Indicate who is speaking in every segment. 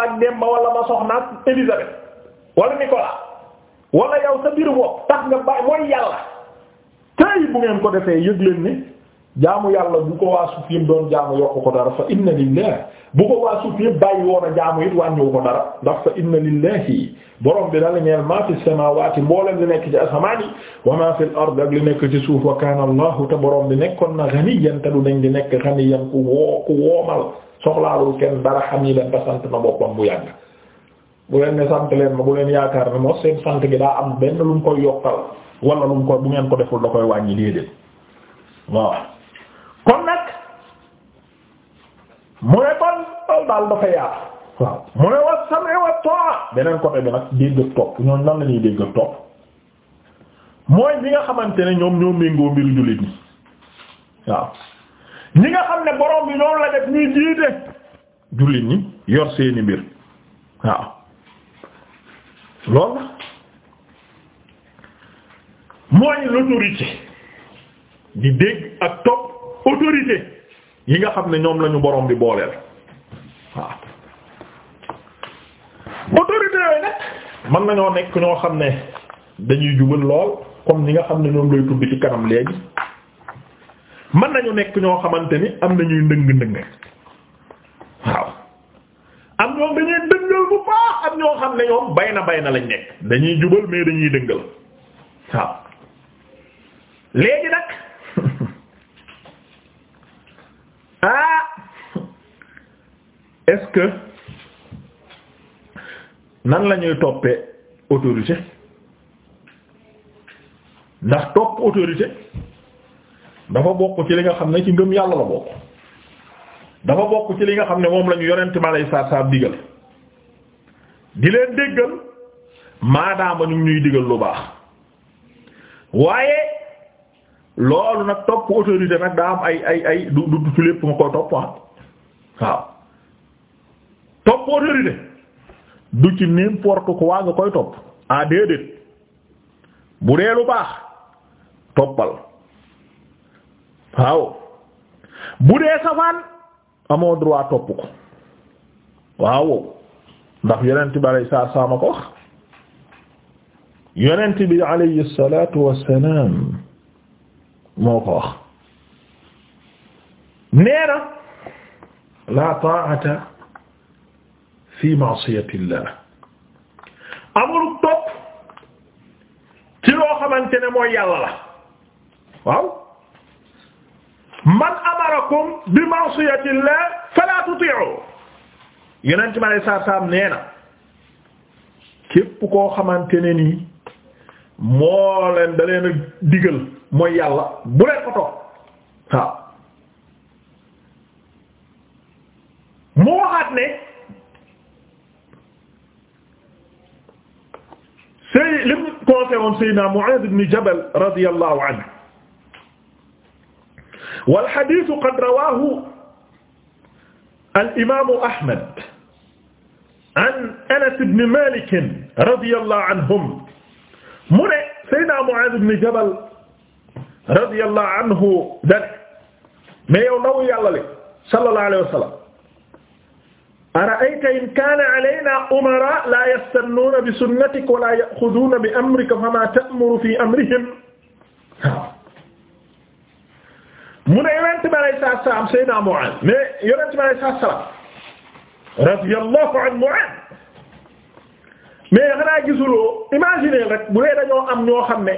Speaker 1: maag Demba wala ma soxnaak Élisabeth wala Nicolas wala yow sa biir bopp tax nga bàyyi mooy yàlla tey bu ngeen ko defee yëg leen ne jaamu yàlla bu ko waa suuf yëpp doon jaamu yokku ko bu ko waa suuf yëpp bàyyi woon a jaamu it wàññiwu ko dara ndax fa inna lillahi borom bi dala ñeel maa fi samawati mbooleen li nekk ci asamaan yi wa maa fi al-ard ak li nekk ci suuf wa kaana allahu te borom bi nekkoon na ganiyan te du nañ di nekk ganiyan ku woo ku woomal soxlaalul kenn dara xam yi leen te sant na boppam bu yàgg bu leen sant leen ma bu leen yaakaar ne moo seen sant gi daa am benn lu mu koy yokkal wala lu mu koy bu ngeen ko deful da koy wàññi déedéet waaw kon nag mu ne kon daal dafa yaatu waaw mu ne wa sam'i wa ta'a beneen côté bi nag dégg topp ñooñ lan la ñuy dégg topp mooy ñi nga xamante ne ñoom ñoo méngoo mbiru jullit ñi waaw ñi nga xam ne borom bi noonu la def ñuy jiite jullit ñi yor seeni mbir waaw loolu mooy l'autorité di dégg ak topp autorité yi nga xam ne ñoom lañu borom bi booleel waaw autorité yooyu nag mën nañoo nekk ñoo xam ne dañuy jubal lool comme ñi nga xam ne ñoom lay tudd ci kanam léegi mën nañu nekk ñoo xamante ni am nañuy ndëng-ndëng waaw am ñoom dañuy dëngal bu baax am ñoo xam ne ñoom bay na bay na lañ nekk dañuy jubal mais dañuy dëngal waaw léegi nag ah est-ce que nan la ñuy toppee autorité ndax topp autorité dafa bokk ci li nga xam ne ci ngëm yàlla la bokk dafa bokk ci li nga xam ne moom lañu ñu yonent malay saa saab saab di leen déggal maadaama ñu ñuy digal lu baax waaye loolu nag topp autorité nag daa am ay ay ay du du ci lépp nga koy topp ah topp autorité du ci n'importe quoi nga koy topp ah déedéet bu dee lu baax toppal. waaw bu dee safaan amoo droit topp ko waaw ndax yonent bi alayhi salaatu salaam a ko wax yonent bi alayhi salaatu wassalaam moo ko wax nee na la ta'ata fi ma'siyatillah amul topp ci loo xamante ne mooy yàlla la waaw man amarakum bi ma'siyatillah fala tuti'u yonent bi alayhi salaatu salaam nee na képp koo xamante ne nii moo leen da leen a digal mooy yàlla bu leen ko toog waaw mu waxaat ne sëy li mu conseillé woon Seydina Mu'aaz ibn Jabal radiyallahu anhu wal hadiisu qad rawaahu al imaamu Ahmad an Anas ibn Maalik radiyallahu anhum mu ne Seydina Muaaz ibn Jabal radiyallahu anhu dane mais yow ndaw yàlla li sallallahu alayhi wa sallam ara'ayta in kaana alaynaa umaraa laa yastannuuna bi sunnatika wa laa ya'xuduuna bi amrika famaa ta'muru fii amrihim mu ne yonent bi alayhi salaatu am salaam Seydina Mu'aaz mais yonent bi alayhi salaatu wa salaam radiyallahu mais xanaa gisuloo imaginer rek bu dee am ñoo xam ne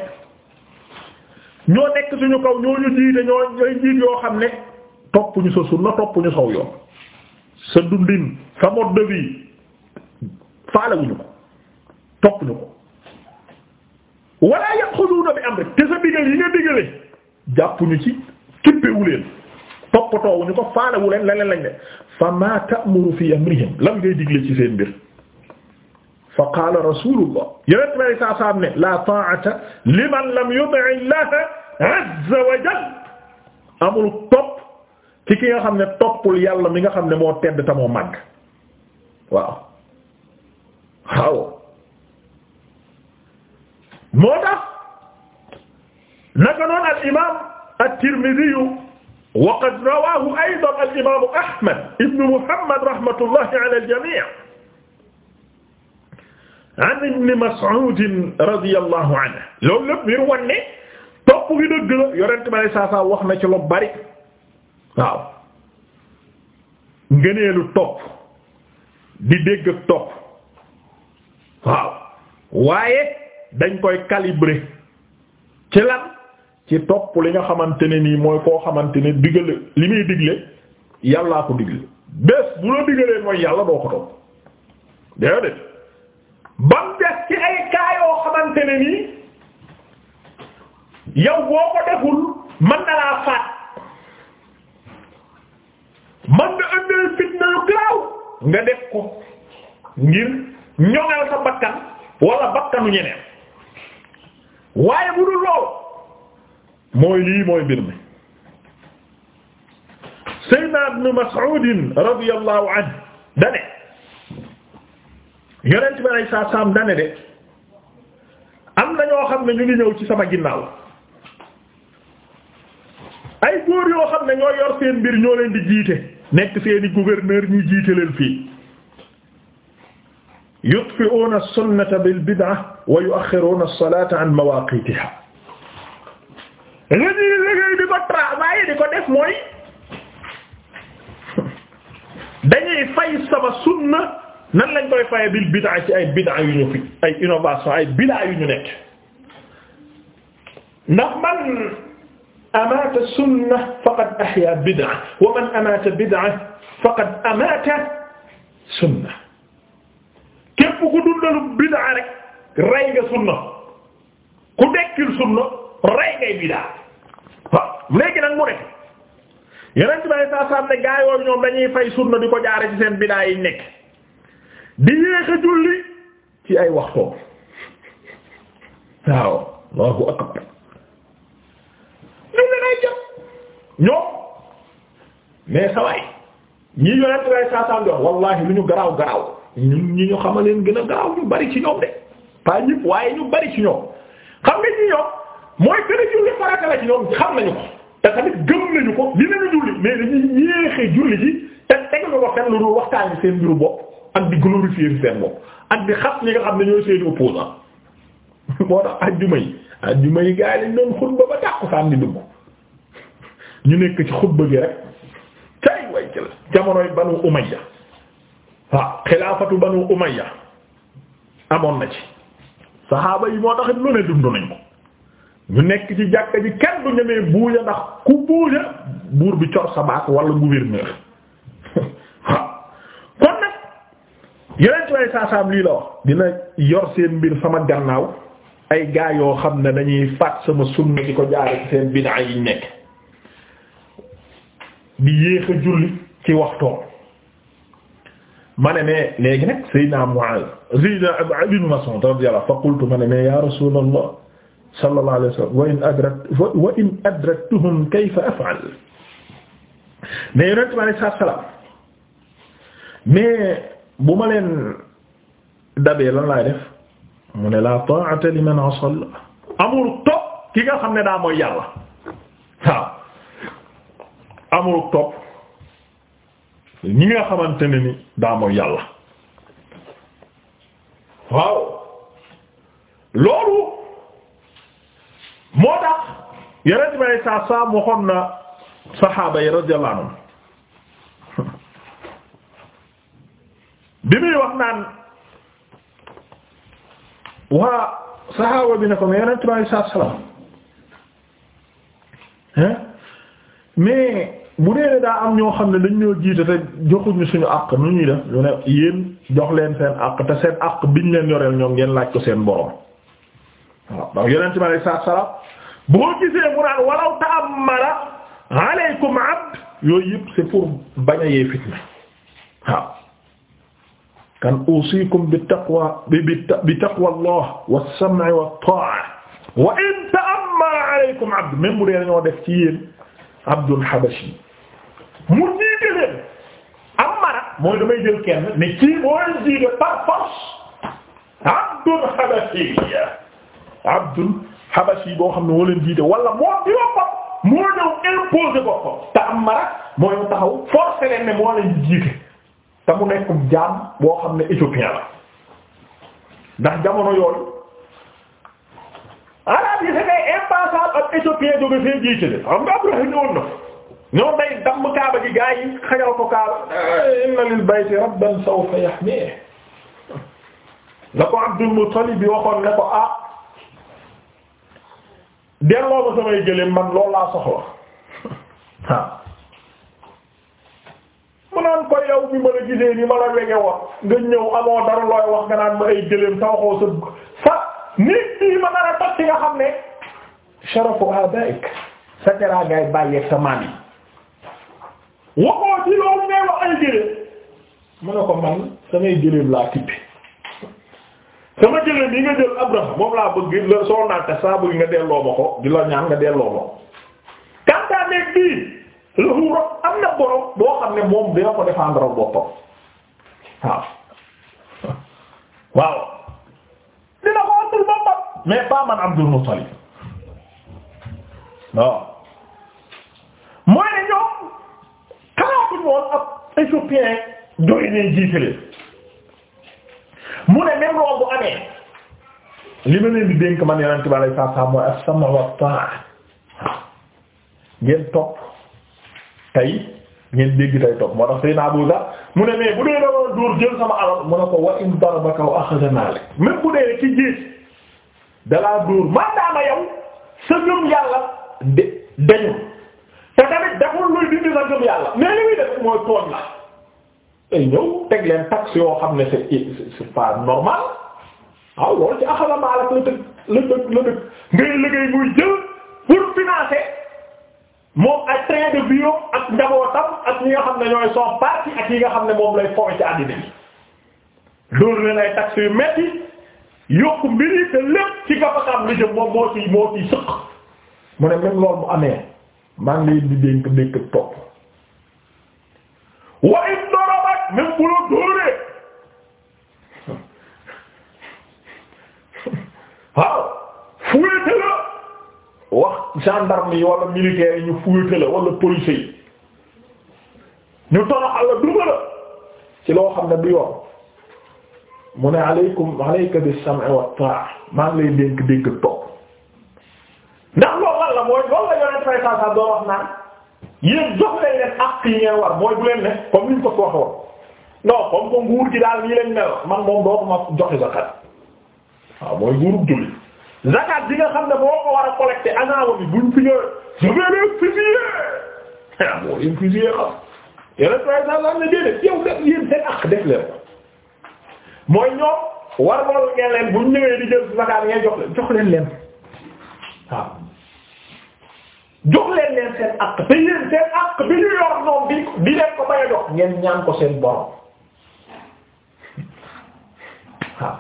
Speaker 1: ñoo nekk suñu ñu jiite ñoo yoo xam ne toppuñu sa sunna toppuñu saw yoon sa dundin sa am rek te sa digal yi nga digale jàppuñu ci. kippewu leen toppatoowu ñu ko faalewu leen leneen lañ ne fa ma ta'muru fi amrihim lan ngay digle ci seen mbir fa qaala rasulullah yeneen may saa ne la ta'ata liman lam yuti llaha azza wa jalla amul topp ci ki nga xam ne toppul yàlla mi nga xam ne moo tedd ta moo waaw waaw moo tax naka noonu al imaam at-Tirmidhi wa qad rawahu aydan al-imam Ahmad ibn Muhammad rahmatullahi ala al-jami' an ibn Mas'ud radiyallahu anhu loolu lépp ngir wone topp gi dëgg la yorent ba saa saa wax na ci lu bari waaw ngëneelu topp di dégg ak topp waaw waaye dañ koy calibrer ci lan ci topp li nga xamante ne nii mooy koo xamante ne digale li muy digle yàllaa ko digle bés bu la digalee mooy yàlla doo ko topp déedéet ba mu des ci ay cas yoo nii yow boo ko deful mën na laa faat mën na ëndee fitna yu nga def ko ngir ñoŋal sa bakkan wala bakkanu ñeneen waaye bu dul loolu mooy lii mooy mbir mi Seydina Ibn Mas'ud radiyallahu anhu dane yonent bi alayhi salaatu salaam dane de am na ñoo xam ne ñu ngi ñëw ci sama ginnaaw ay góor yoo xam ne ñoo yor seen mbir ñoo leen di jiite nekk seeni gouverneur ñi jiite leen fii yutfi'una as-sunnata bil bid'a wa yu'akhiruna as-salata an mawaqitiha liggéey liggéey di ko travailler di ko def mooy dañuy fay sama sunna nan lañ koy faye bil bid'a ci ay bid'a yu ñu fi ay innovation ay bid'a yu ñu nekk ndax man amaata sunna faqad ahya bid'a wa man amaata bid'a faqad amaata sunna képp ku dundalu bid'a rek rey nga sunna ku dekkil sunna rey ngay bid'a léegi nag mu def yeneen ci may saa ne gaa ñoom dañuy fay sunna di ko jaare ci seen bidaa yi nekk di yéex julli ci ay waxtoom waaw Allahu akbar ñu ne day jëm ñoom mais sawaay ñii yonent saasaam jox wallahi lu ñu garaaw garaaw ñun ñi ñu xama leen gën a garaaw ñu bari ci ñoom de pas ñëpp waaye ñu bari ci ñoom xam nga ñi ñoom mooy gën a julli farata la ci ñoom xam nañu ko te tamit gëm nañu ko dinañu julli mais dañuy yéexee julli ji te teguñu ko fenn lu dul waxtaanee seen mbiru bopp ak di glorifier seen bopp ak di xas ñi nga xam ne ñooy seeni opposant moo tax ajjuma yi ajjuma yi gars yi dañ doon xutba ba tàkku saan di dugg ñu nekk ci xutba gi rek tay way ci jamonoy banu umayya waaw xilaafatu banu umayya amoon na ci saxaaba yi moo tax lu ne dund nañ ko ñu nekk ci jàkka ji kenn du ñemee buuja ndax ku buuja buur bi cor sa baat wala gouverneur waaw kon nag yeneen ci way saasaam lii la wax dina yor seen mbir sama gannaaw ay gaa yoo xam ne dañuy faat sama sunna di ko jaare ci seen bid'a yi nekk di yéex a julli ci waxtoom ma ne mais léegi nag Seydina Mu'adh Seydina Ibn Mas'ud radiyallahu fa qultu ma ne mais ya Rasulullah sallallahu alayhi wa sallam in adrak wa in adraktuhum kayfa bu ma leen dabee lan mu ne la ta'ata liman asal amul ki nga xam ne daa mooy yàlla waaw amul topp nga xamante ne ni daa mooy yàlla loolu moo tax yonent bi alayhi salaatu salaam na saxaaba yi radiyallahu bi muy wax naan waa saxaaba bi ne ko mais yonent bi alayhi salaatu salaam mais bu dee daa am ñoo xam ne dañ ñoo jiite te joxuñu suñu àq nu ñuy def ñu ne yéen jox leen seen àq te seen àq biñ leen yoreel ñoom ngeen laaj ko seen borom. waaw ndax yeneen ci ma lay saa salaam boo gisee mu naan walaw ta'ammara alaykum abd yooyu yëpp c'est pour bañ a yee fitna waaw kan usikum bi taqwa bi bi taqwa allah wa sam'i wa ta'a wa in ta'ammara alaykum abd même bu dee dañoo def ci yéen abdul habashi mu jiite leen amara mooy damay jël kenn ne kii mooy jiite par force abdul habashi abdul habashi boo xam ne moo leen jiite wala moo ci boppam moo ñëw imposé boppam te am mara mooy taxaw forcé leen ne moo leen jiite te mu nekk jaam boo xam ne éthiopien la ndax jamono yooyu arab yi c'était impensable ak éthiopien jóge seen jiite de xam nga Abraha ñëwoon na ñoo day damm kaaba gi gaa yi xajal ko kaaba eh, inna lil bayti rabban sawfa yahmihi la ko Abdul Muttalib bi waxoon ne ko ah delloo ma samay gëléem man loolu laa soxla waaw mu naan ko yow bi ma la gisee ni ma la wege wax nga ñëw amoo dara looy wax nga naan ma ay gëléem sa waxoo sa nit bii ma nar a nga xam ne sharafu sa teraa ngay bàyyeeg sa yi waxoo ci loolu ngay wax ay gëléem mu ne ko man samay gëléem laa tippi sama jëlee yi nga jël Abraham moom laa bëgg la soo naata saa bëgg nga delloo ma ko di la ñaan nga delloo ma ko. Kantaa nekk bii la wu am na borom boo xam ne moom dina ko défendre boppam waaw waaw dina ko atul boppam mais pas man Abdul Muttalib waaw mooy ne ñoom xalaatuñu woon ab éthiopien doy nañ jiite leen mu ne même loolu bu amee li ma leen di dénk man yonent bi alayhi salaam mooy as-sam'u wat-ta'a ngeen topp tey ngeen dégg tey topp moo tax Seydina Abu Dharr mu ne mais bu dee doon dóor jël sama alal mu ne ko wa in darabaka wa akhadha malak même bu dee ci gis dalaa dóor maanaam yow sa ngëm yàlla de dañu te tamit deful luy dindi sa ngëm yàlla mais li muy def mooy tooñ la. day ñëw teg leen taxe yoo xam ne c'est c'est pas normal waaw loolu ci axala la dëg la dëg ngay liggéey muy jël pour financer moom ak train de vie ak njabootam ak ñi nga xam ne ñooy son parti ak yi nga xam ne moom lay fowe ci àddina bi loolu leen ay taxe yu metti yokk mbiri te lépp ci gafakaam li jëm moom moo ci moo ci sëq mu ne même loolu mu amee maa ngi leen di dénk dénk topp même bu la dóoree waaw fuyete la wax gendarme yi wala militaire yi ñu fuyete la police yi ñu toroxal la duma la ci loo xam ne du mu ne aleykum aleyka bis-sam'i wat-ta'a maa ngi lay dénk dénk topp ndax loolu lan la mooy loolu la yoneen fay sa sa doo wax naan yéen jox leen leen ak yi ngeen war mooy bu leen ne comme niñ non comme ko nguur gi daal nii mel man moom dootuma zakat waaw mooy nguurub julli zakat bi xam ne boo ko war a collecté agent bi buñ fi ñëwee je vais l'infuser eh, ah moo infuser xam yeneen trois cent ans ne déedéet yow def yéen seen ak def leen mooy ñoom war nga ngeen leen buñ ñëwee di jël zakat ngeen jox leen jox leen leen waaw jox leen leen seen ak te yéen seen ak bi ñu yor noonu di di leen ko bay a jox ngeen ñaan ko seen borom. waaw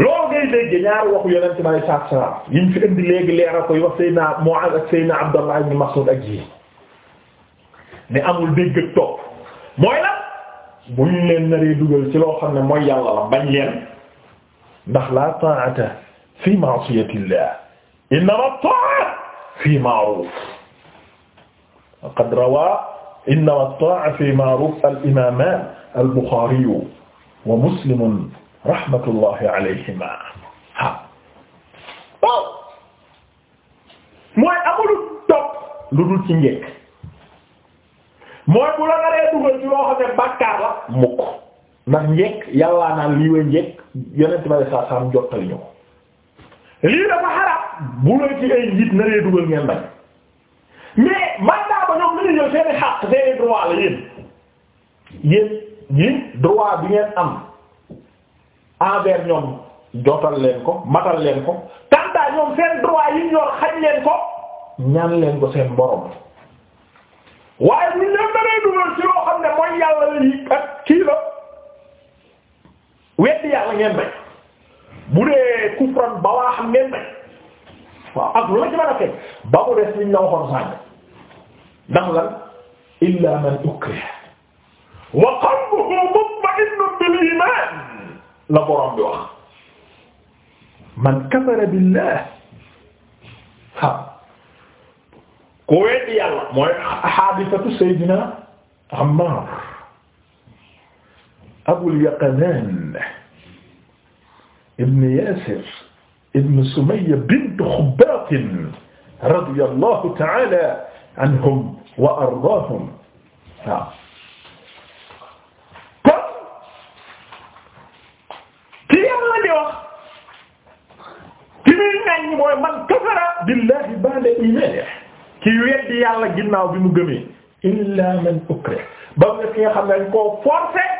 Speaker 1: loolu ngay dégg ñaari waxu yonent salaam yi ñu fi indi léegi leeral koy wax Seydina Mu'aaz ak Seydina Abdallah ibn Mas'ud ak ji ne amul dégg ak topp mooy la bu ñu leen naree dugal ci loo xam ne mooy yàlla la bañ leen ndax la ta'ata fi ma'siyatillah innama ta'a fi ma'ruf qad rawa fi ma'ruf al-imaman al-Bukhari wa muslimun rahmatullahi alayhima waaw mooy amul topp lu dul ci njëkk mooy bu la naree dugal ci loo xam ne la mukk ndax njëkk yàllaa naan lii way njëkk yonent ba saa saam jottal ñu ko lii dafa xaraam bu la ci ay njiit naree dugal ngeen bañ mais mandaa ba ñoom lu ñu seeni xaq seeni droit la yéen yéen ñi droit bi ngeen am envers ñoom jotal leen ko matal leen ko kantaa ñoom seen droit yi ñor xañ leen ko ñaan leen ko seen borom waaye bu ñoom danay dugal ci loo xam ne mooy yàlla li ak kii la weddi yàlla ngeen bu dee kufran ba waa xam ngeen may waaw ak lu la ci a fekk ba mu des liñ la waxoon sànk ndax lan illa man ukriha wa qalbuhu mutma'innun bil iman la borom bi wax man kafara billah ha ku weddi yàlla mooy hadithatu sayyidina Ammar Abul Yaqazan ibn Yasir ibn Sumayya bint Khubbat radiyallahu ta'ala anhum wa ardaahum waaw gi mooy man kafara billahi ba'da imanihi ki weddi yàlla ginnaaw bi mu gëmee illa man ukra ba nga ki nga xam ne dañ koo forcer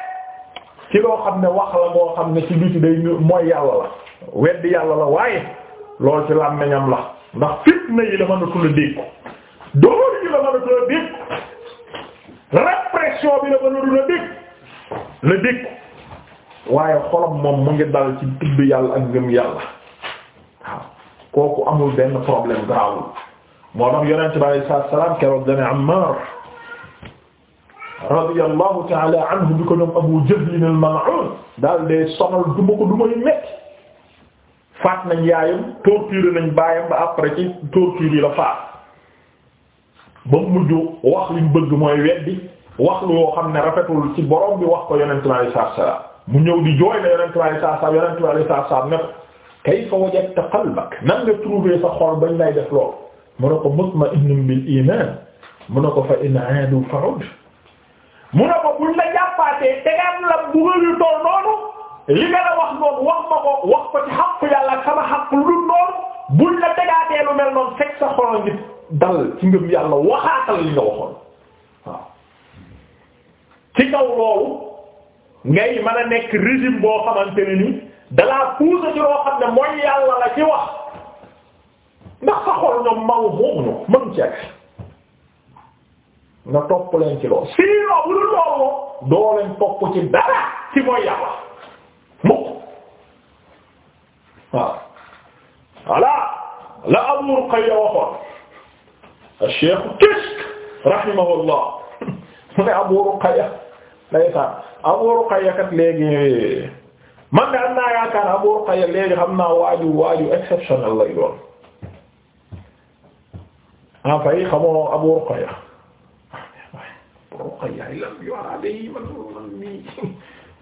Speaker 1: ci loo xam ne wax la boo xam ne ci biti day mooy yàlla la weddi yàlla la waaye lool ci làmmiñam la ndax fitna yi la mënatul a dégg dóor yi la mënatul a dégg répression bi la mënatul a dégg la dégg waaye xolam moom mu ngi dal ci tudd yàlla ak ngëm yàlla kooku amul benn problème garaawul moo tax yonent bi alayhi salaatu wa salaam keroog dane Ammaar radiyallahu ta'ala anhu bi ko ñoom Abu Jahl al-mal'un daal de sonal duma ko duma faat nañ yaayam torturé nañ baayam ba après ci la faat ba mujj wax liñ bëgg mooy weddi wax ne rafetul ci borom wax ko yonent bi alayhi salaatu wa salaam mu di jooy na yonent salaam yonent bi salaam ne kayfa wajadta qalbak nan nga trouver sa xol bañ lay def lool mun ne ko mutma'innun bil iman mu ne ko fa in aadu fa'ud mu ne ko buñ la jàppaatee tegaat la bugal yu toll noonu li nga la wax noonu wax ma ko wax ko ci xaqu yàlla sama xaq lu dul noonu buñ la tegaatee lu mel noonu fekk sa xol ngi dal ci ngëm yàlla waxaatal li nga waxoon waaw ci kaw loolu ngay mën a nekk régime boo xamante ne dalaa puusa ci loo xam ne mooy yàlla la ci wax ndax sa xol ñoom maw moomuñu mën ci ak nga topp leen ci loolu sinon bu dul loolu doo leen topp ci dara ci mooy yàlla mukk waaw voilà la Abu Ruqayya waxoon Cheikh Kishk rahimahullah mu ne Abu Ruqayya laysa Abu Ruqayya kat léegi man de am naa Abu Ruqayya léegi xam naa waaju waaju exceptionnel lay doon en fait xamoo Abu Ruqayya Abu Ruqayya lam yu'ada yi man man mi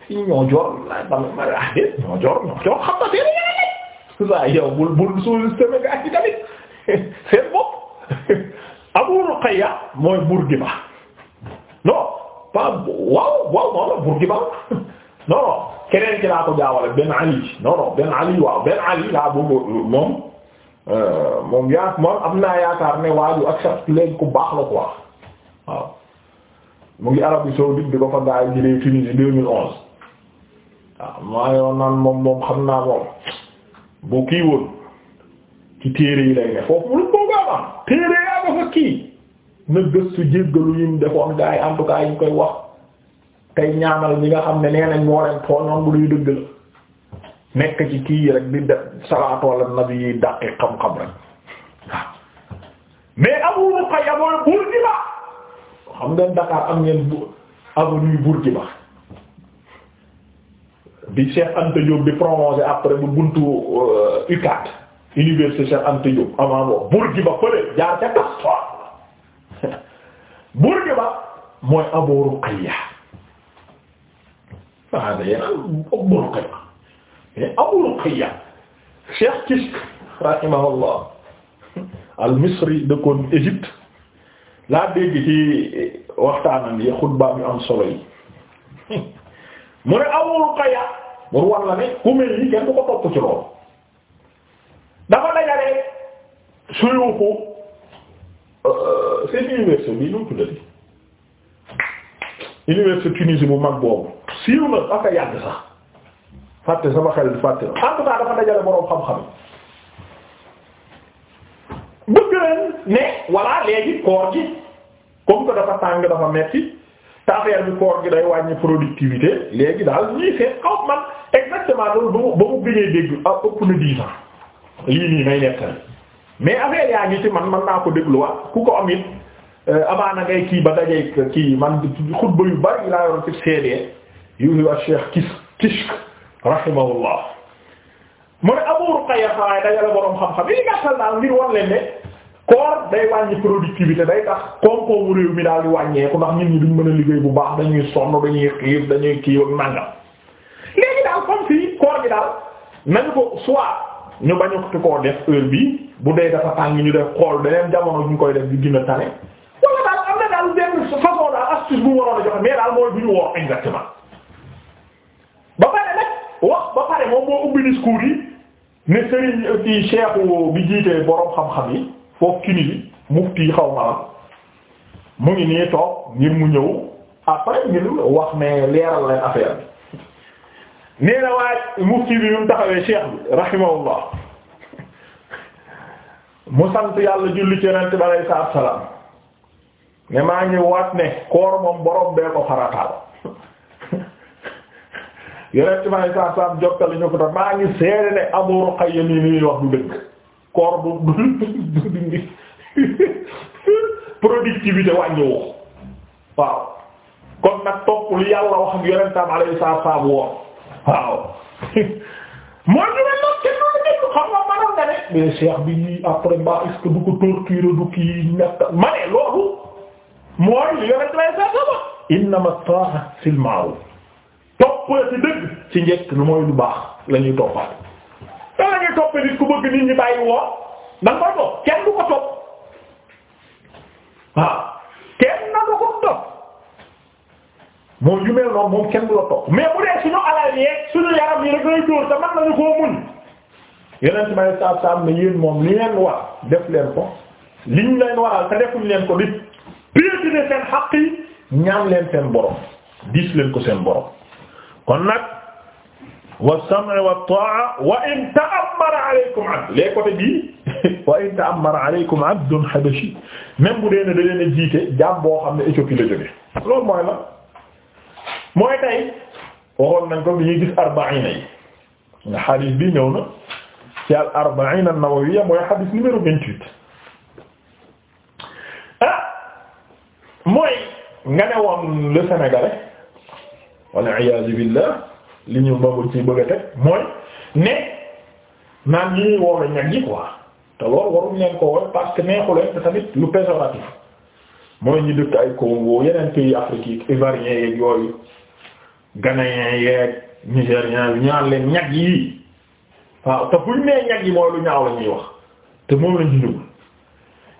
Speaker 1: si ñoo jor la bal ma raade xam na seen yaay saa yow bul bul suul Sénégal ci Abu Ruqayya mooy Bourguiba non pas waaw waaw non non Bourguiba keneen ci laa ko jaawale benn Ali non non Ali waaw benn Ali laa bëgg moom euh, moom yaa moom am naa yaakaar ne waaju ak sax léegi ku baax la quoi waaw mu ngi Arabie saoudite di ko fa gaa yi jëlee Tunisie 2011 waaw maa naan moom moom xam naa moom bu kii woon ci téere yi lay ne foofu lu mu ko am téere yaa fa kii na gëstu jéggalu yi mu defoon gaa yi en tout cas yi koy wax. tey ñaanal ñi nga xam ne nee nañ moo leen tooñoon bu duy dëgg la nekk ci kii yi rek di def salaatu ala nabi yi dàqi xam-xam rek waaw mais Abu mooy Bourguiba xam ngeen Dakar am ngeen bi Cheikh di prolongé après bu buntu UCAD euh, université Cheikh Anta Diop avant boobu Bourguiba fële jaar ca Castor Bourguiba mooy Abu Ruqayya ah day naan Abu Ruqayya mais Abu Ruqayya Cheikh Kishk al-Misri dëkkoon Égypte laa dégg ci waxtaanam yi xutba mi am solo yi mu ne Abu ku mel ni kenn du ko topp ci loolu dafa dajale suyuuxu euh, seen université bi nu mu bu mag boobu. siiw na aka yàgg sax fàtte sama xel fàtte na en tout cas dafa dajale boroom xam-xam bëgg leen ne voilà léegi koor gi comme que dafa tàng dafa metti te affaire bi koor gi day wàññi productivité léegi daal ñuy seet xaw man exactement loolu ba mu ba mu gënee dégg ah ëpp na dix ans lii nii may nettali mais affaire yaa ngi ci man man naa ko dégluwaat ku ko am it euh, amaana ngay kii ba dajee kii man xutba yu bari laa yor ci CD. yuhi a Cheikh kis Kishk rahimahullah mu ne Abu Ruqayya xawaay dajale borom xam-xam yi gàttal daal ngir won leen ne koor day wàññi productivité day tax koom-koomu réew mi daal di wàññeeku ndax nit ñi duñ mën a liggéey bu baax dañuy sonn dañuy xiif dañuy kii ak nàngam léegi daal comme si koor gi daal nañu ko soit ñu bañu ko koo def heure bi bu dee dafa tàng ñu def xool beneen jamono ñu koy def di gën a tane wala daal am na daal benn façon daal ba pare nag wax ba pare moom moo ubbi discours yi ne sëriñ euh, ci cheikhu bi jiitee boroom xam-xam yi foofu kini bi mufti xaw ma mu ngi nii toog ngir mu ñëw après ngir wax ne leeral leen affaire bi nee waaye mufti bi ñu taxawee cheikh bi rahimahullah mu sant yàlla julli ci yonent salaam ne maa ngi waat ne koor moom borom bee ko farataal yeneen ci may saa saam jottali ñu ko tax maa ngi seere ne Abu Ruqayya mi ni wax du dëgg koor bu du dindi productivité wàññiwu waaw kon nag topp lu yàlla wax ak yonentam alayhi salaam woon waaw mooy ñu ne noonu kenn noonu dégg ne mais cheikh bi ñuy après ba est-ce que du ma ne loolu toppee ci dëgg ci njëkk lu mooy bu baax lañuy ñuy toppat da la ñuy toppee nit ku bëgg nit ñi bàyyi woon da nga koy kenn du ko topp waaw kenn na du ko topp moom yu mel noonu moom kenn du la topp mais bu dee suñu alal yeeg suñu yaram yi rek lay dóor te mën nañu koo muñ yeneen ci may saab saab ne yéen moom li leen war def leen ko liñ leen waral te defuñ leen ko nit piétiner seen xaq yi ñaan leen seen borom diis leen ko seen borom kon nag wa sam'i wa ta'a wa in ta'ammara alaykum abd les côté bii wa in ta'ammara alaykum abdun habashi même bu dee ne da leen a jiite jaam boo xam ne Éthiopie la jóge loolu mooy la mooy tey waxoon nañ ko bi ñuy gis arbaina yi nga xadis bi ñëw na al arbaina an-nawawiyya mooy xadis numéro vingt ah, mooy nga ne woon le sénégalais walla iyaazu billaah li ñu bëgg ci bëgg a teg mooy ne naan ñii woo la ñag yi quoi te loolu waruñ leen ko woon parce que neexuleen lu péjoratif mooy ñi dëkk ay Congo yeneen pays africains ivoiriens yeeg yooyu ghanéens yeeg nigériens yi ñaan leen ñag yi waaw te buñ nee ñag yi mooy lu ñaaw la wax te moom lañ ci dugg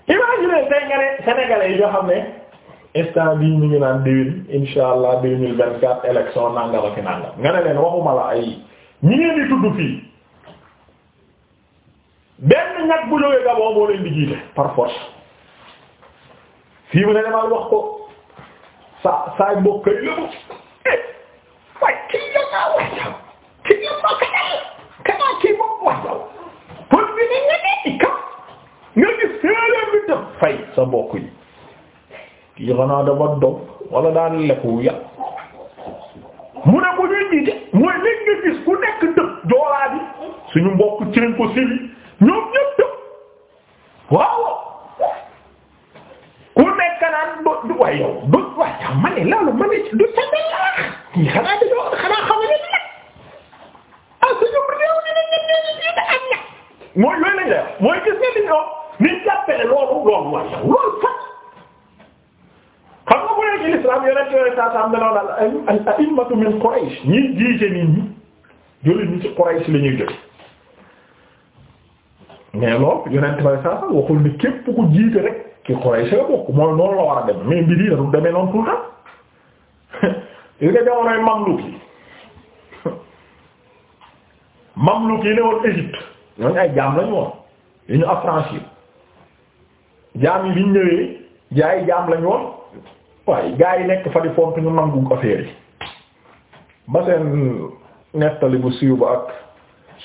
Speaker 1: imagine tey yi nga xam ne instant bii ñu ngi naan déwén insha allah deux mille vingt quatre élection nangam ak nangam nga ne leen waxuma la ay ñi ngeen di tudd fii benn ñag bu jógee Gabon moo leen di jiite par fii mu ne demal wax ko sa saay mbokk yi la mu eh, waaye kii la maa waññaw kii la maa bi ne nga ne i kam nga gis séeréer bi def fay sa mbokk yi kii xanaa dafa dof wala daal lekku yàq mu ne ko ñuy jiite mooy léegi nga gis ku nekk dëpp joolaa bi suñu ko sibi ñoom ñëpp dëpp waaw ku nekk naan do du waay yow du waay yow ma ne loolu ma ne du sànni laa kii xanaa di doon xanaa ne nag ah suñu réew mi dañu leen di jiite ak ña mooy yooyu lañ la mooy loolu loolu waay loolu sax. ci l'islam yonent yonent saa saa am dana walla al a'immatu min Quraysh ñi jiite ci Quraysh la ñuy jóge mais loolu yonent ba saa saa waxul ni képp ku jiite rek ki Quraysh la bokk mooy noonu la war a woon Égypte ñooñu ay jaam lañu woon yu ñu affranchir jaam yi biñ ñëwee jaay jaam lañu woon waaye gaa yi nekk fa di font ñu nangu affaire yi ba seen nettali bu siiw ba ak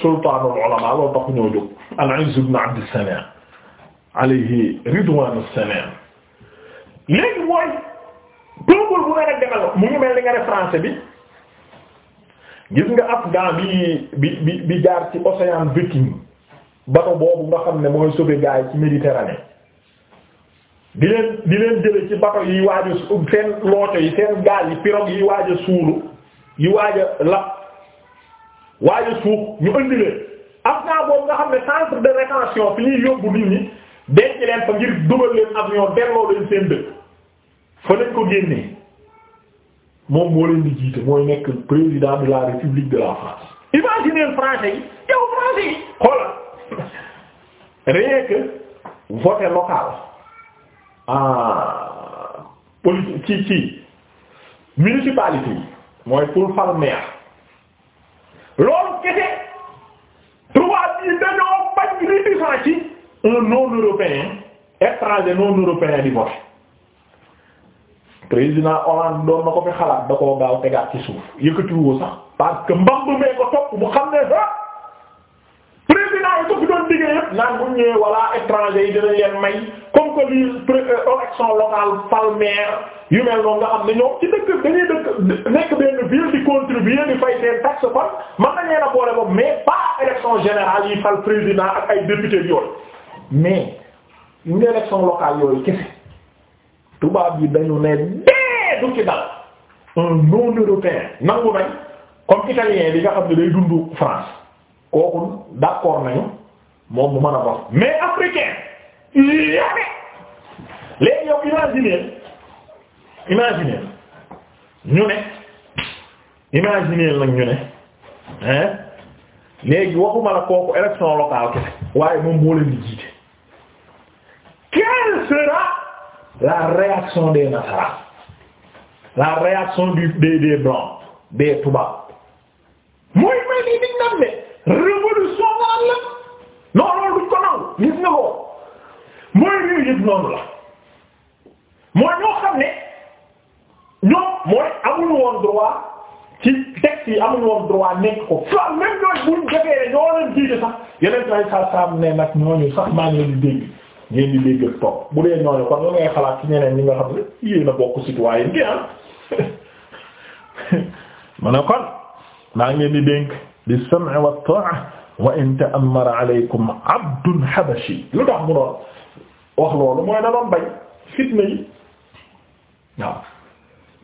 Speaker 1: sultaanul ulamaa loolu tax ñoo jóg al-Izz ibn Abd as-Salam ridwaan as léegi mooy peuple bu nar a demal mu ngi mel ni nga ne français bi gis nga afghan bi bi bi bi jaar ci Océan Viking bato boobu nga xam ne mooy sauver gaa yi ci Méditerranée di leen di leen jële ci bato yi waaj a seen looco yi seen gaal yi pirogue yi waaj a suulu yi waaj a la waaj ñu indi leen avion nga xam ne centre de rétention fi ñuy yóbbu nit ñi denc leen fa ngir dugal leen avion delloo leen seen dëkk fa lañ ko génnee moom moo leen di jiite mooy nekk président de la république de la France. imaginez français yi yow français yi xoolal rien vote local. Ah. politique ci ci municipalité yi mooy pour fal maire loolu kese droit yi dañoo bañ réticent ci un non européen étranger non européen di voter président Hollande doon ko fi xalaat da koo gaaw tegaat ci suuf yëkkatiwoo sax parce que mbamb mee ko topp mu yi ko fi doon diggee yëpp naan bu ñëwee walla étranger yi dinañ leen may comme que lii euh, élection locale fal maire yu mel noonu nga xam ne ñoom ci dëkk dañuy dëkk nekk benn ville di contribuer di fay seen taxe par man nañ leen a boole boobu mais pas élection générale yi fal président ak ay député yooyu mais une élection locale yooyu kese tubaab yi dañu ne dee du ci dal un non européen nangu nañ comme italien bi nga xam ne day dund France kooku d'accord nañu moom bu mën a dox mais africain yane léegi yow imaginer imaginer ñu ne imaginer nag ñu ne hein léegi waxuma kooku élection locale kese waaye moom moo leen jiite quelle sera la réaction des nasara la réaction du des des blancs des tubaab may nii diñ nam révolution morale la non loolu duñ ko naw gis nga ko mooy réew yëpp noonu la mooy ñoo xam ne ñoom mooy amul woon droit ci texte yi amul woon droit nekk ko soit même ñooy buñ defee ñoo leen jiite sax yeneen saa saa saa ne nag ñooñu sax maa ngi leen di dégg ngeen di dégg topp bu dee ñooñu kon nga xam ah. di dénk. bis-sam'i wat-taa'a wa in ta'ammara alaykum abdun habashi lu tax mu doon wax loolu mooy da doon bañ fitna yi waaw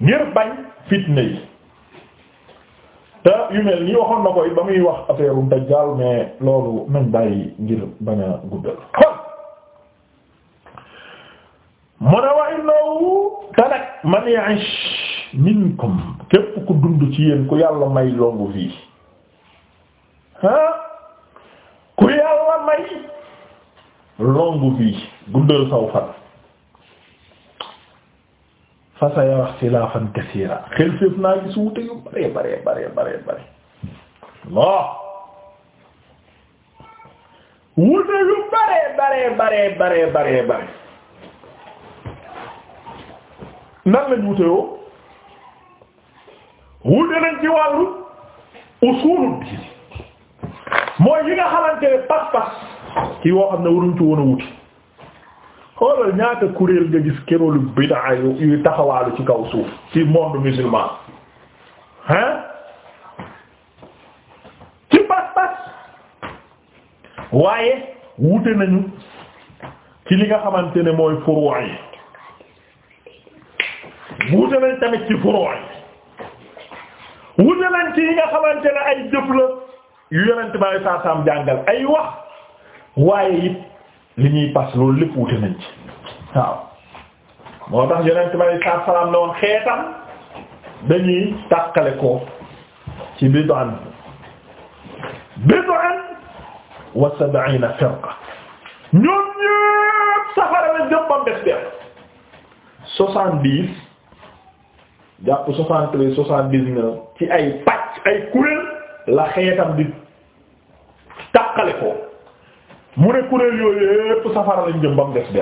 Speaker 1: ngir bañ fitna yi te yu mel nii waxoon na koy ba muy wax affaire u dajjaal mais loolu nañ bàyyi ngir bañ a guddal mu ne wa innahu te nag man ya'ish minkum képp ku dund ci yéen ku yàlla may longu fii ku yàlla may longu fii guddal saw fan fa sa yara ixtilaafan kasiira xel féef naa gis wute yu bare bare bare bare bare bare bare wute yoo wute nañ ci wàllu usuulu diin mooy yi nga xamante ne pas-pas ci yoo xam ne waruñ ci woon a wuti xoolal ñaata kuréel nga gis kéroolu bidaa yu taxawaalu ci kaw suuf ci monde musulman hein ci pas-pas waaye wute nañu ci li nga xamante ne mooy furu' yi wute nañ tamit ci furu' yi wute nañ ci yi nga xamante ne ay jëf la yu yonent ba ay saasaam jàngal ay wax waaye it li ñuy pass loolu lépp wute nañ ci waaw moo tax yonent ba ay saasaam ne woon xeetam dañuy tàqale ko ci bid'an bid'an wa sab'ina firqa ñoom ñépp safara la jëm ba mu des def soixante-dix jàpp soixante-treize soixante-dix-neuf ci ay pàcc ay kuréel la xeetam di tàqale ko mu ne kuréel yooyu yépp safara lañ jëm ba mu des fi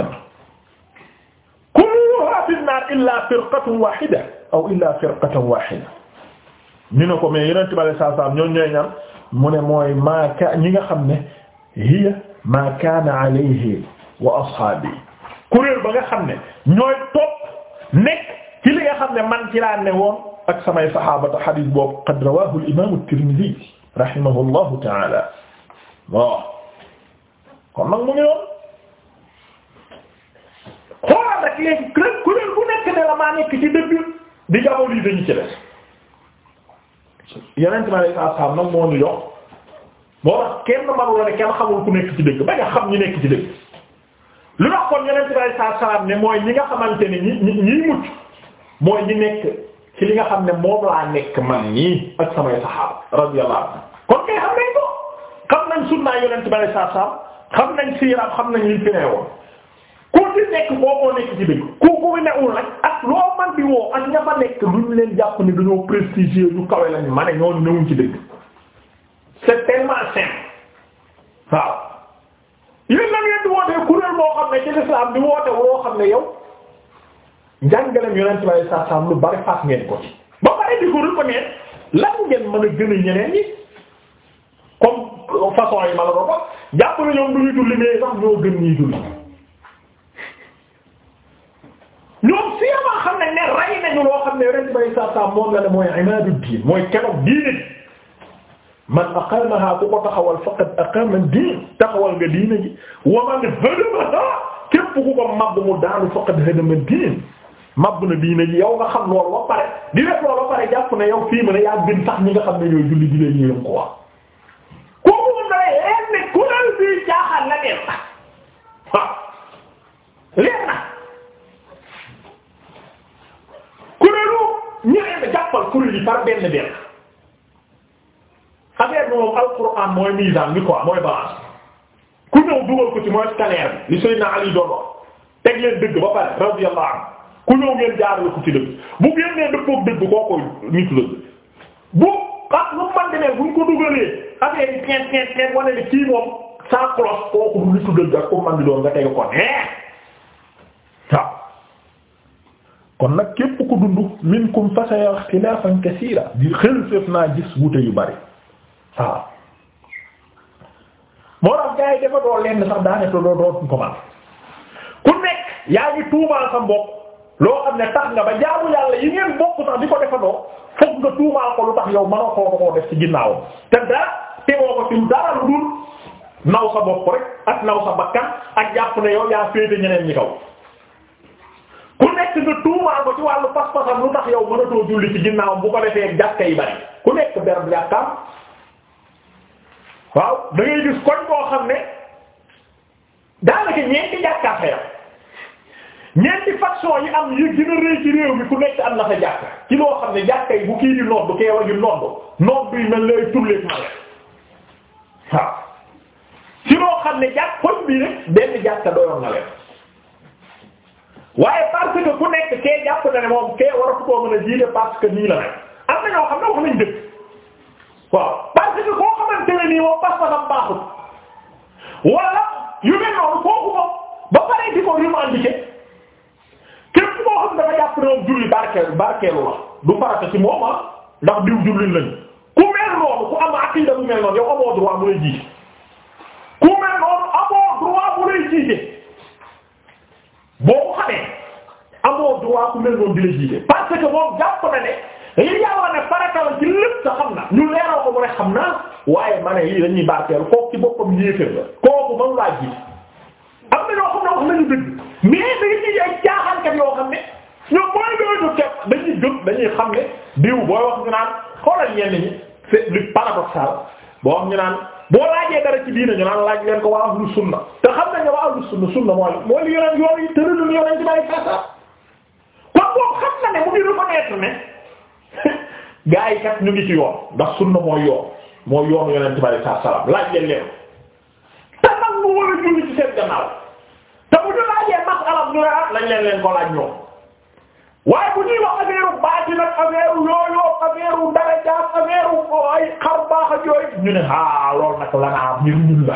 Speaker 1: naar illa firqatun wahida aw illa firqatun wahida ñu ko mais yeneen tibale saa saa ñoom ñooy ñan mu ne mooy ma ka ñi nga xam ne hiya maa kaana alayhi wa ashaabi kuréel ba nga xam ne ñooy topp nekk ci li nga xam ne man ci ne woon ak samay saxaabata xadis boobu qad rawaahu al-imaam at-Tirmidhi rahimahullahu ta'ala waaw kon nag mu ngi noonu xoolal rek léegi kuréel bu nekk ne la maa nekk ci dëgg di gabal yi dañu ci des yeneen tamit ay saxaab nag moo ñu jox moo tax kenn mënu la ne kenn xamul ku nekk ci dëgg ba nga xam ñu nekk ci dëgg lu tax kon yeneen tamit ay saxaab ne mooy ñi nga xamante ne ñi ñi ñuy mucc mooy ñi nekk. li nga xam ne moom laa nekk man nii ak samay saxaaba radiyallahu anhu kon kay xam nañ ko xam nañ sunnaa yonent bi alayhi salaam xam nañ siiraam xam nañ liñ fi ne woon ku ci nekk boo ko nekk ci dëgg ku ku newul nag ak loo man di woo ak ña fa nekk duñ leen jàpp ni dañoo prestigieux ñu kawe lañ ma ne ñoo newuñ ci dëgg c'est tellement simple waaw yéen nag yéen di wootee kuréel boo xam ne ci lislaam di woote woo xam ne yow. njàngaleem yonent bi saa saa lu bari faat ngeen ko ci. ba pare di ko reconnaître lan ngeen mën a gën a ñeneen ñi comme façon yi ma la ko jàpp na ñoom du ñu julli mais sax ñoo gën ñuy julli ñoom si yàlla xam ne ne rey nañu loo xam ne yonent bi saa saa moom la ne mooy imaadu diin mooy keroog diine man aqamaha ku ko taxawal faqad aqama diin taxawal nga diine ji wa man hadamaha képp ku ko màbb mu daanu faqad hadama diin mab na diine yow nga xam loolu ba pare di def loolu ba pare jàpp ne yow fii mu ne yaa nga xam ne ñooy julli di leen yéem ko wax. kooku moom da ngay leer ne ku ne fii jaaxal la leer na waaw leer na kuréelu ñeneen a jàppal kuréel yi par benn benn affaire bi moom mooy misaan bi quoi mooy balance ku ñëw dugal mooy scanner bi li Seydina Ali doon teg leen dëgg ba pare radiyallahu anhu ku ñëw ngeen jaar la ko ci dëgg bu génnee dëppook dëgg koo koy nitu dëgg bu ak lu man demee buñ ko dugalee affaire yi xeet xeet xeet kooku du nitu dëgg ak ko man di doon nga teg ko neex kon nag képp ku dund minkum fasaya ikhtilafan kaseera di xel seef naa gis wute yu bari waaw moo tax gars yi dafa doon lenn sax daanaka doo doon ko man ku nekk yaa ngi tuumaal sa mbokk loo xam ne tax nga ba jaamu yàlla yi ngeen bokk tax di ko defandoo foog nga tuumaal ko lu tax yow mënoo koo koo def ci ginnaawam te daa teewoo ko ci dara lu dul naw sa bopp rek ak naw sa bakkan ak jàpp ne yow yaa féete ñeneen ñi kaw. ku nekk nga tuumaal ko ci wàllu pas-pasam lu tax yow mënatoo julli ci ginnaawam bu ko defee jàkka yi bari ku nekk berb jàkkaam waaw da ngay gis koñ boo xam ne daanaka ñeenti jàkkaat fa ñeenti façon yi am yi gën a rëy ci réew mi ku nekk am na fa jàkka ci loo xam ne jàkka yi bu kii di nodd kee wa ñu nodd nodd yi mel lay tulleeg male waaw ci loo xam ne jàkk koñ bi rek benn jàkka doyoon na waaye parce que ku nekk kee jàpp na ne moom kee waratu koo mën a jiite parce que nii la nag am na ñoo xam ne wax nañ dëgg waaw parce que koo xamante ne nii moom pas pasam baaxut wala yu mel noonu kooku moom ba pare di ko revendiquer képp koo xam dafa jàpp ne moom julli barkeelu barkeelu la du farata ci moom ah ndax diw julli lañu ku mel noonu ku am aqida bu mel noonu yow amoo droit bu lay ku mel noonu amoo droit bu lay boo ko xamee amoo droit ku mel noonu di lay jiite parce que moom jàpp ne li yàlla ne farata la ci lépp sa xam na ñu leeral ko mu xam naa waaye ma ne lii dañuy barkeelu kooku ci boppam yéeféer la kooku mënu laa jiite am na ñoo xam ne wax nañu dëgg mais dañuy xam ne diw booy wax ñu naan xoolal ñenn ñi c'est lu paradoxal boo wax ñu naan boo laajee dara ci diine ñu naan laaj leen ko waa ahlu sunna te xam nañ ne waa ahlu sunna sunna mooy mooy li yoneen yoon ci bàyyi sasa kon na ne mu ngi reconnaître ne gaa ñu ngi ci ndax sunna mooy yoon mooy yoonu yoneen ci bàyyi laaj leen leen te nag mu war a julli ci seen gannaaw te bu ñu laajee masala ñu ne ah lañ leen leen ko laaj ñoom waaye bu ñuy wax affaire baatin ak affaire yooyoo affaire daraja affaire ay xar baax ak yooyu ñu ne ah loolu nag la naa am ñun la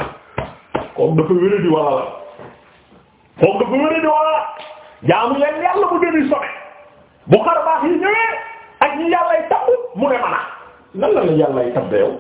Speaker 1: kooku dafa wéré di wala la kooku dafa wéré di la jaamu leen yàlla bu bu xar baax yi ñëwee ak ñi yàllay tabb mu ne mana lan la la yàllay tabb yow